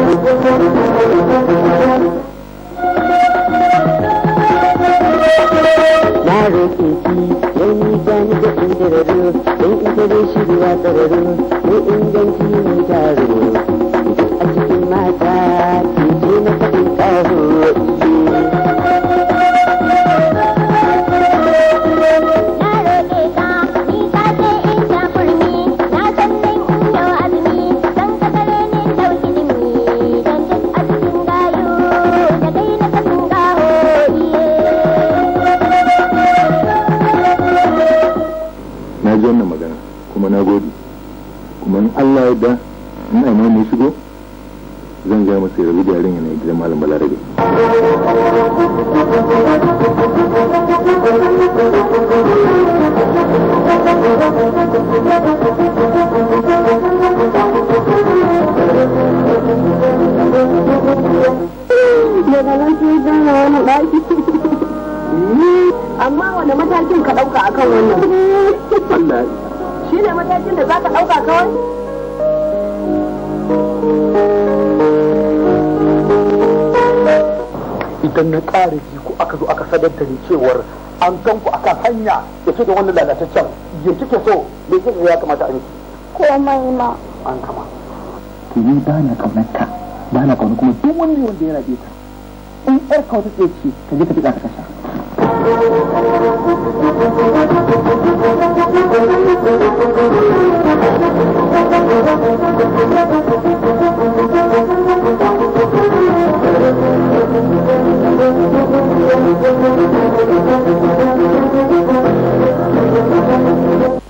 Na roƙe ki, yau ni gani da ƙundirarru, don ita dai shirya tsararru, ko inganci mai taro, a cikin mata. na ji wannan magana kuma na gode kuma in Allah ya da in aima mai shigo zan gaya masa rabu da yarin na gidan malam balarabe amma wani matakin ka ɗauka akan wannan shi ne matakin da za ka ɗauka kawai idan na ƙara ku aka zo aka sadar da ni cewar an kan ku akan hanya ya ce da wannan lalataccen ya kike so me kike ya kamata an yi komai ma an kama ki ni ba na kaunarka ba na kaunar kuma duk wani wanda ya rabe ta in yar kautar ce ka je ka tuka ta kasha Thank you.